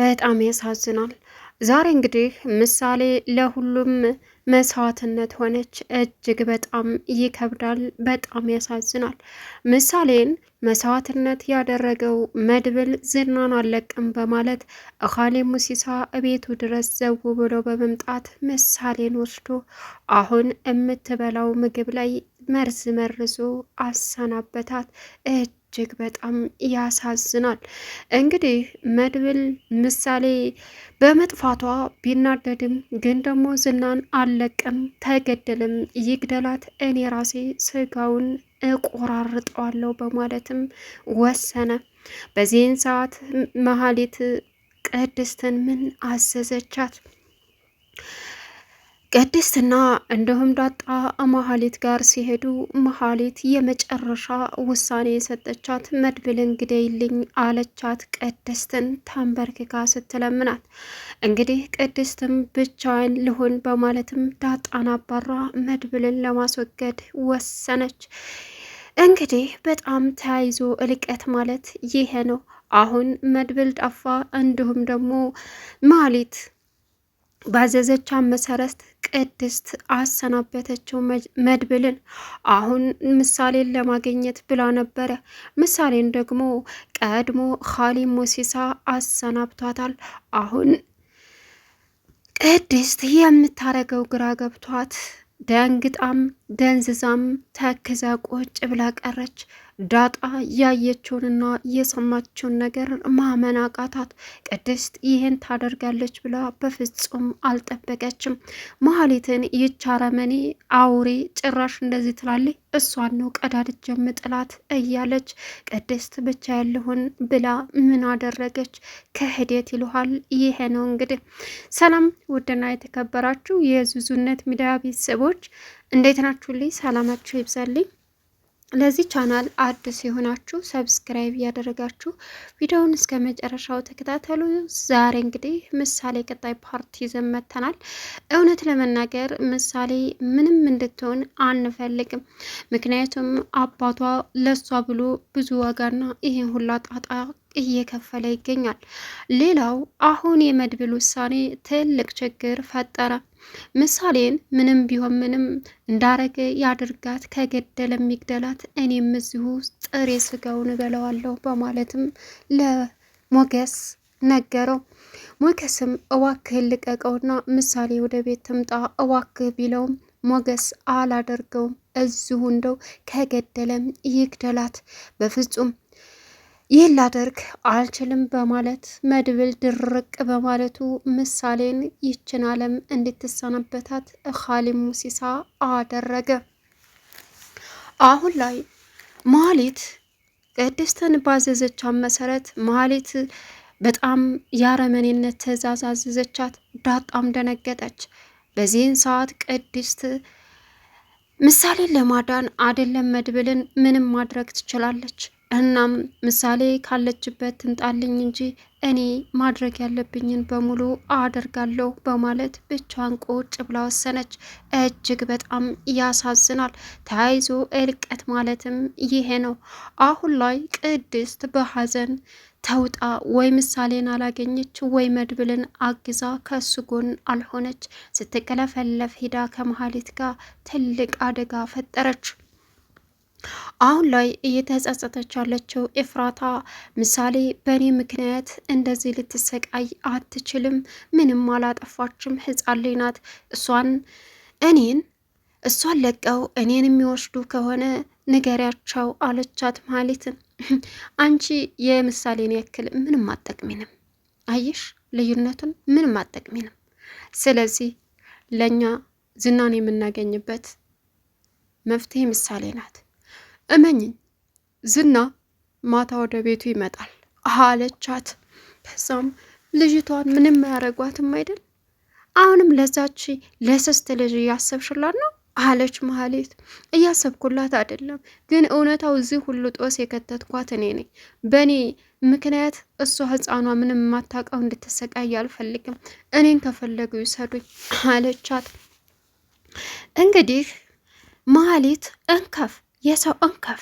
በጣም ያሳዝናል። ዛሬ እንግዲህ ምሳሌ ለሁሉም መስዋዕትነት ሆነች። እጅግ በጣም ይከብዳል። በጣም ያሳዝናል። ምሳሌን መስዋዕትነት ያደረገው መድብል ዝናን አለቅም በማለት እኻሌ ሙሲሳ እቤቱ ድረስ ዘው ብሎ በመምጣት ምሳሌን ወስዶ አሁን የምትበላው ምግብ ላይ መርዝ መርዞ አሰናበታት። እጅግ በጣም ያሳዝናል። እንግዲህ መድብል ምሳሌ በመጥፋቷ ቢናደድም ግን ደግሞ ዝናን አለቅም፣ ተገደልም ይግደላት እኔ ራሴ ስጋውን እቆራርጠዋለሁ በማለትም ወሰነ። በዚህን ሰዓት መሀሌት ቅድስትን ምን አዘዘቻት? ቅድስትና እንዲሁም ዳጣ መሀሊት ጋር ሲሄዱ መሀሊት የመጨረሻ ውሳኔ የሰጠቻት መድብልን ግደይልኝ አለቻት። ቅድስትን ተንበርክካ ስትለምናት እንግዲህ ቅድስትም ብቻዋን ልሆን በማለትም ዳጣን አባራ መድብልን ለማስወገድ ወሰነች። እንግዲህ በጣም ተያይዞ እልቀት ማለት ይሄ ነው። አሁን መድብል ጠፋ፣ እንዲሁም ደግሞ መሀሊት ባዘዘቻ መሰረት ቅድስት አሰናበተችው መድብልን። አሁን ምሳሌን ለማግኘት ብላ ነበረ። ምሳሌን ደግሞ ቀድሞ ኻሊብ ሙሲሳ አሰናብቷታል። አሁን ቅድስት የምታረገው ግራ ገብቷት ደንግጣም ደንዝዛም ተክዛ ቁጭ ብላ ቀረች። ዳጣ ያየችውንና የሰማችውን ነገር ማመን አቃታት። ቅድስት ይህን ታደርጋለች ብላ በፍጹም አልጠበቀችም። መሀሊትን ይቻረመኔ አውሬ ጭራሽ እንደዚህ ትላለች፣ እሷን ነው ቀዳድጄ የምጥላት እያለች ቅድስት ብቻ ያለሁን ብላ ምን አደረገች? ክህደት ይልሃል ይሄ ነው እንግዲህ። ሰላም ውድና የተከበራችሁ የዙዙነት ሚዲያ ቤተሰቦች እንዴት ናችሁልኝ? ሰላማችሁ ይብዛልኝ። ለዚህ ቻናል አዲስ የሆናችሁ ሰብስክራይብ እያደረጋችሁ ቪዲዮውን እስከ መጨረሻው ተከታተሉ። ዛሬ እንግዲህ ምሳሌ ቀጣይ ፓርቲ ይዘን መጥተናል። እውነት ለመናገር ምሳሌ ምንም እንድትሆን አንፈልግም። ምክንያቱም አባቷ ለሷ ብሎ ብዙ ዋጋና ይሄን ሁላ ጣጣ እየከፈለ ይገኛል። ሌላው አሁን የመድብል ውሳኔ ትልቅ ችግር ፈጠረ። ምሳሌን ምንም ቢሆን ምንም እንዳረገ ያድርጋት፣ ከገደለ የሚግደላት፣ እኔም እዚሁ ጥሬ ስጋውን እበለዋለሁ በማለትም ለሞገስ ነገረው። ሞገስም እባክህ ልቀቀውና ምሳሌ ወደ ቤት ትምጣ እባክህ ቢለውም ሞገስ አላደርገውም፣ እዚሁ እንደው ከገደለም ይግደላት በፍጹም ይህን ላደርግ አልችልም በማለት መድብል ድርቅ በማለቱ ምሳሌን ይችን ዓለም እንድትሰናበታት ኻሊብ ሙሲሳ አደረገ። አሁን ላይ ማሊት ቅድስትን ባዘዘቻት መሰረት ማሊት በጣም የአረመኔነት ትዕዛዝ አዘዘቻት። ዳጣም ደነገጠች። በዚህን ሰዓት ቅድስት ምሳሌን ለማዳን አይደለም መድብልን ምንም ማድረግ ትችላለች። እናም ምሳሌ ካለችበት ትንጣልኝ እንጂ እኔ ማድረግ ያለብኝን በሙሉ አደርጋለሁ በማለት ብቻዋን ቁጭ ብላ ወሰነች። እጅግ በጣም ያሳዝናል። ተያይዞ እልቀት ማለትም ይሄ ነው። አሁን ላይ ቅድስት በሀዘን ተውጣ ወይ ምሳሌን አላገኘች ወይ መድብልን አግዛ ከሱ ጎን አልሆነች። ስትቀለፈለፍ ሂዳ ከመሀሊት ጋር ትልቅ አደጋ ፈጠረች። አሁን ላይ እየተጸጸተች ያለችው ኤፍራታ ምሳሌ በእኔ ምክንያት እንደዚህ ልትሰቃይ አትችልም፣ ምንም አላጠፋችም፣ ህፃን ልጅ ናት። እሷን እኔን እሷን ለቀው እኔን የሚወስዱ ከሆነ ንገሪያቸው አለቻት። ማለት አንቺ የምሳሌን ያክል ምንም አጠቅሚንም፣ አየሽ ልዩነቱን ምንም አጠቅሚንም። ስለዚህ ለእኛ ዝናን የምናገኝበት መፍትሄ ምሳሌ ናት። እመኝኝ ዝና ማታ ወደ ቤቱ ይመጣል አለቻት። ከዛም ልጅቷን ምንም አያረጓትም አይደል? አሁንም ለዛች ለሰስት ልጅ እያሰብሽላት ነው አለች መሀሌት። እያሰብኩላት አይደለም፣ ግን እውነታው እዚህ ሁሉ ጦስ የከተትኳት እኔ ነኝ። በእኔ ምክንያት እሷ ህፃኗ ምንም የማታውቀው እንድትሰቃይ አልፈልግም። እኔን ከፈለጉ ይሰዱኝ አለቻት። እንግዲህ መሀሌት እንከፍ የሰው እንከፍ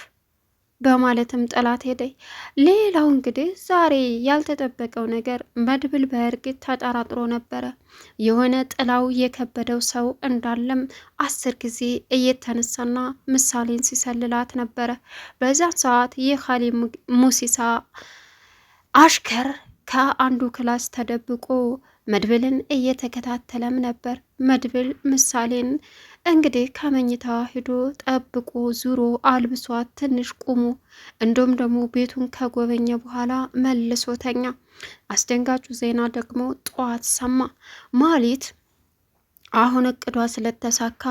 በማለትም ጥላት ሄደይ። ሌላው እንግዲህ ዛሬ ያልተጠበቀው ነገር መድብል በእርግጥ ተጠራጥሮ ነበረ። የሆነ ጥላው የከበደው ሰው እንዳለም አስር ጊዜ እየተነሳና ምሳሌን ሲሰልላት ነበረ። በዛን ሰዓት የካሌ ሙሲሳ አሽከር ከአንዱ ክላስ ተደብቆ መድብልን እየተከታተለም ነበር። መድብል ምሳሌን እንግዲህ ከመኝታ ሂዶ ጠብቆ ዙሮ አልብሷት ትንሽ ቁሙ እንዲሁም ደግሞ ቤቱን ከጎበኘ በኋላ መልሶ ተኛ። አስደንጋጩ ዜና ደግሞ ጠዋት ሰማ። ማሊት አሁን እቅዷ ስለተሳካ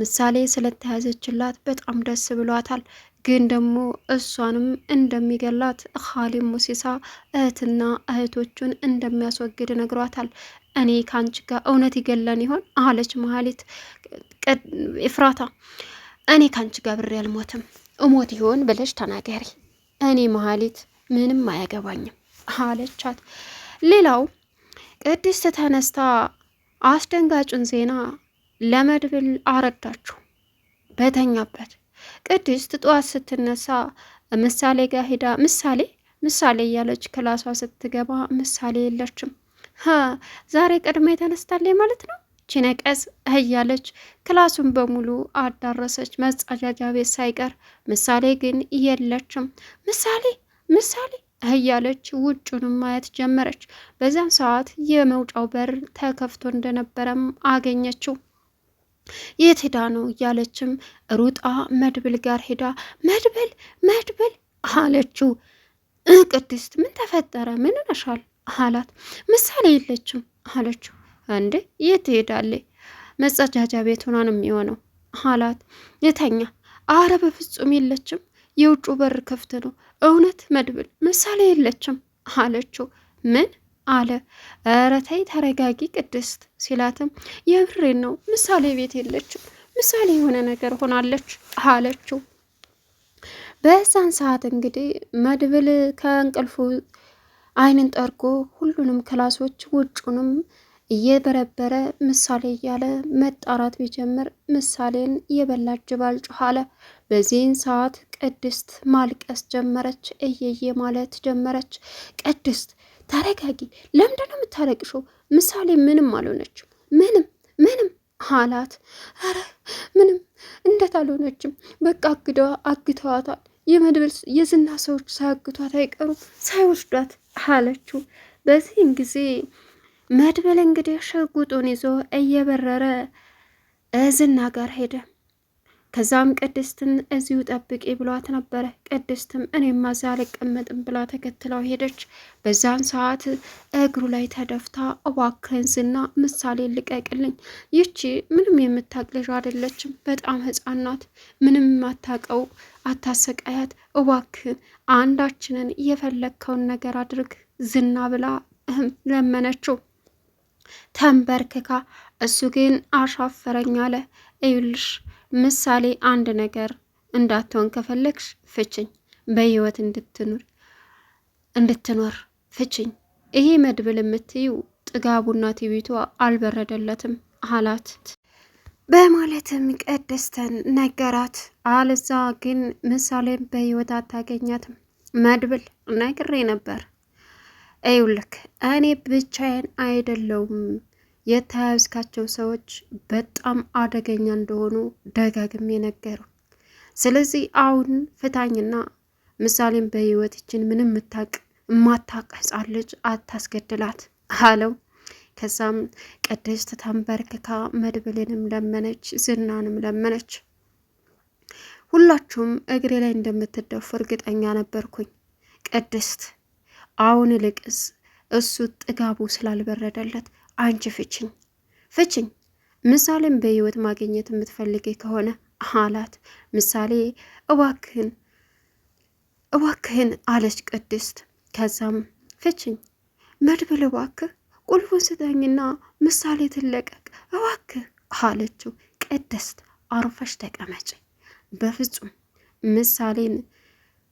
ምሳሌ ስለተያዘችላት በጣም ደስ ብሏታል። ግን ደግሞ እሷንም እንደሚገላት ኻሊብ ሙሲሳ እህትና እህቶቹን እንደሚያስወግድ ነግሯታል። እኔ ከአንቺ ጋር እውነት ይገለን ይሆን አለች ማህሌት ኤፍራታ እኔ ከአንቺ ጋር ብሬ አልሞትም፣ እሞት ይሆን ብለሽ ተናገሪ። እኔ መሀሊት ምንም አያገባኝም አለቻት። ሌላው ቅድስት ተነስታ አስደንጋጩን ዜና ለመድብል አረዳችሁ በተኛበት። ቅድስት ጠዋት ስትነሳ ምሳሌ ጋር ሄዳ ምሳሌ ምሳሌ እያለች ክላሷ ስትገባ ምሳሌ የለችም። ዛሬ ቀድማ የተነስታለች ማለት ነው። ቺነቀስ እያለች ክላሱን በሙሉ አዳረሰች፣ መጸዳጃ ቤት ሳይቀር። ምሳሌ ግን የለችም። ምሳሌ ምሳሌ እያለች ውጩንም ማየት ጀመረች። በዚያም ሰዓት የመውጫው በር ተከፍቶ እንደነበረም አገኘችው። የት ሄዳ ነው እያለችም ሩጣ መድብል ጋር ሄዳ መድብል መድብል አለችው። ቅድስት ምን ተፈጠረ? ምን ነሻል አላት። ምሳሌ የለችም አለችው። እንዴ የት ትሄዳለች? መጸዳጃ ቤት ሆና ነው የሚሆነው አላት። የተኛ አረ በፍጹም የለችም። የውጩ በር ክፍት ነው። እውነት መድብል ምሳሌ የለችም አለችው። ምን አለ። ኧረ ተይ ተረጋጊ ቅድስት ሲላትም የብሬን ነው ምሳሌ ቤት የለችም። ምሳሌ የሆነ ነገር ሆናለች አለችው። በዛን ሰዓት እንግዲህ መድብል ከእንቅልፉ አይንን ጠርጎ ሁሉንም ክላሶች ውጩንም እየበረበረ ምሳሌ እያለ መጣራት ቢጀምር ምሳሌን የበላጅ ባል አለ። በዚህን ሰዓት ቅድስት ማልቀስ ጀመረች፣ እየየ ማለት ጀመረች። ቅድስት ተረጋጊ፣ ለምንድን ነው ምሳሌ ምንም አልሆነችም፣ ምንም ምንም አላት። ኧረ ምንም እንደት አልሆነችም፣ በቃ አግደዋ አግተዋታል። የመድብል የዝና ሰዎች ሳያግቷት አይቀሩ ሳይወስዷት አለችው። በዚህን ጊዜ መድብል እንግዲህ ሽጉጡን ይዞ እየበረረ ዝና ጋር ሄደ። ከዛም ቅድስትን እዚሁ ጠብቂ ብሏት ነበረ። ቅድስትም እኔማ እዛ አልቀመጥም ብላ ተከትለው ሄደች። በዛን ሰዓት እግሩ ላይ ተደፍታ እባክህን ዝና ምሳሌ ልቀቅልኝ፣ ይቺ ምንም የምታቅ ልጅ አይደለችም፣ በጣም ሕፃን ናት፣ ምንም የማታቀው አታሰቃያት፣ እባክህን አንዳችንን የፈለግከውን ነገር አድርግ ዝና ብላ ለመነችው። ተንበርክካ፣ እሱ ግን አሻፈረኝ አለ። እዩልሽ ምሳሌ አንድ ነገር እንዳትሆን ከፈለግሽ ፍችኝ፣ በህይወት እንድትኖር እንድትኖር ፍችኝ። ይሄ መድብል የምትዩ ጥጋቡና ትዕቢቷ አልበረደለትም አላት በማለትም ቅድስትን ነገራት። አለዛ ግን ምሳሌን በህይወት አታገኛትም። መድብል ነግሬ ነበር ይውልክ እኔ ብቻዬን አይደለውም። የተያያዝካቸው ሰዎች በጣም አደገኛ እንደሆኑ ደጋግሜ ነገሩ። ስለዚህ አሁን ፍታኝና ምሳሌም በህይወትችን ምንም ምታቅ እማታቅ ህጻን ልጅ አታስገድላት አለው። ከዛም ቅድስት ተንበርክካ መድብልንም ለመነች፣ ዝናንም ለመነች። ሁላችሁም እግሬ ላይ እንደምትደፉ እርግጠኛ ነበርኩኝ ቅድስት አሁን ልቅስ እሱ ጥጋቡ ስላልበረደለት አንቺ ፍችኝ ፍችኝ ምሳሌም በህይወት ማግኘት የምትፈልገ ከሆነ አላት። ምሳሌ እባክህን እባክህን አለች ቅድስት። ከዛም ፍችኝ መድብል እባክህ ቁልፉን ስጠኝና ምሳሌ ትለቀቅ እባክህ አለችው። ቅድስት አርፈሽ ተቀመጭ፣ በፍጹም ምሳሌን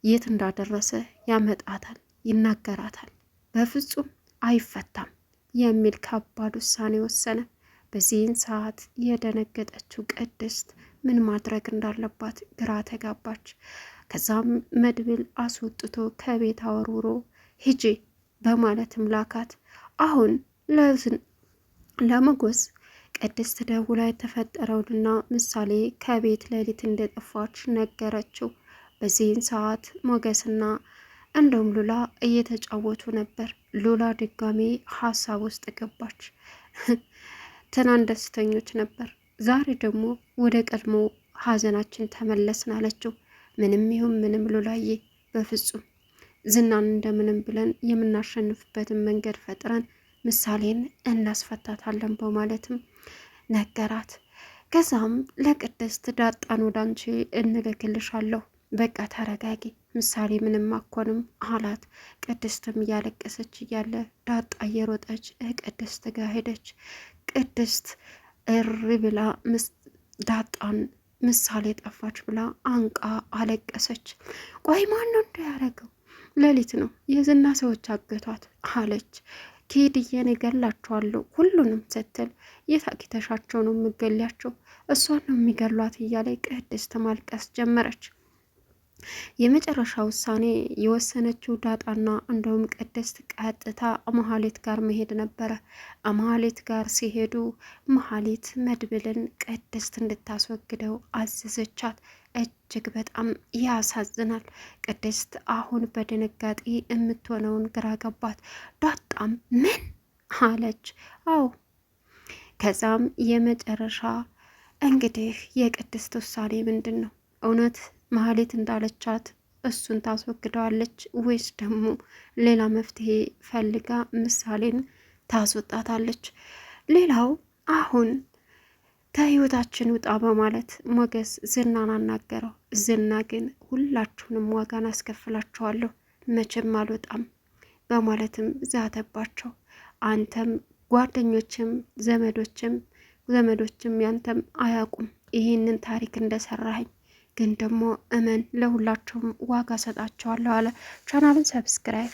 የት እንዳደረሰ ያመጣታል ይናገራታል። በፍጹም አይፈታም የሚል ከባድ ውሳኔ ወሰነ። በዚህን ሰዓት የደነገጠችው ቅድስት ምን ማድረግ እንዳለባት ግራ ተጋባች። ከዛም መድብል አስወጥቶ ከቤት አወርውሮ ሂጂ በማለትም ላካት። አሁን ለመጎስ ቅድስት ደውላ የተፈጠረውንና ምሳሌ ከቤት ሌሊት እንደጠፋች ነገረችው። በዚህን ሰዓት ሞገስና እንደውም ሉላ እየተጫወቱ ነበር። ሉላ ድጋሜ ሀሳብ ውስጥ ገባች። ትናንት ደስተኞች ነበር፣ ዛሬ ደግሞ ወደ ቀድሞ ሀዘናችን ተመለስን አለችው። ምንም ይሁን ምንም ሉላዬ፣ በፍጹም ዝናን እንደምንም ብለን የምናሸንፍበትን መንገድ ፈጥረን ምሳሌን እናስፈታታለን በማለትም ነገራት። ከዛም ለቅድስት ዳጣን ወዳንቺ እንልክልሻለሁ፣ በቃ ተረጋጊ ምሳሌ ምንም አኮንም አላት። ቅድስትም እያለቀሰች እያለ ዳጣ እየሮጠች ቅድስት ጋር ሄደች። ቅድስት እሪ ብላ ዳጣን ምሳሌ ጠፋች ብላ አንቃ አለቀሰች። ቆይ ማን ነው እንደ ያደረገው? ሌሊት ነው የዝና ሰዎች አገቷት አለች። ኬድዬን እገላቸዋለሁ ሁሉንም ስትል የታቂተሻቸው ነው የምገሊያቸው እሷን ነው የሚገሏት እያለ ቅድስት ማልቀስ ጀመረች። የመጨረሻ ውሳኔ የወሰነችው ዳጣና እንደውም ቅድስት ቀጥታ መሀሌት ጋር መሄድ ነበረ። መሀሌት ጋር ሲሄዱ መሀሌት መድብልን ቅድስት እንድታስወግደው አዘዘቻት። እጅግ በጣም ያሳዝናል። ቅድስት አሁን በድንጋጤ የምትሆነውን ግራ ገባት። ዳጣም ምን አለች? አዎ ከዛም የመጨረሻ እንግዲህ የቅድስት ውሳኔ ምንድን ነው እውነት መሀሌት እንዳለቻት እሱን ታስወግደዋለች ወይስ ደግሞ ሌላ መፍትሄ ፈልጋ ምሳሌን ታስወጣታለች? ሌላው አሁን ከህይወታችን ውጣ በማለት ሞገስ ዝናን አናገረው። ዝና ግን ሁላችሁንም ዋጋን አስከፍላችኋለሁ፣ መቼም አልወጣም በማለትም ዛተባቸው። አንተም ጓደኞችም ዘመዶችም ዘመዶችም ያንተም አያውቁም ይህንን ታሪክ እንደሰራኸኝ ግን ደግሞ እመን ለሁላቸውም ዋጋ ሰጣቸዋለሁ አለ። ቻናሉን ሰብስክራይብ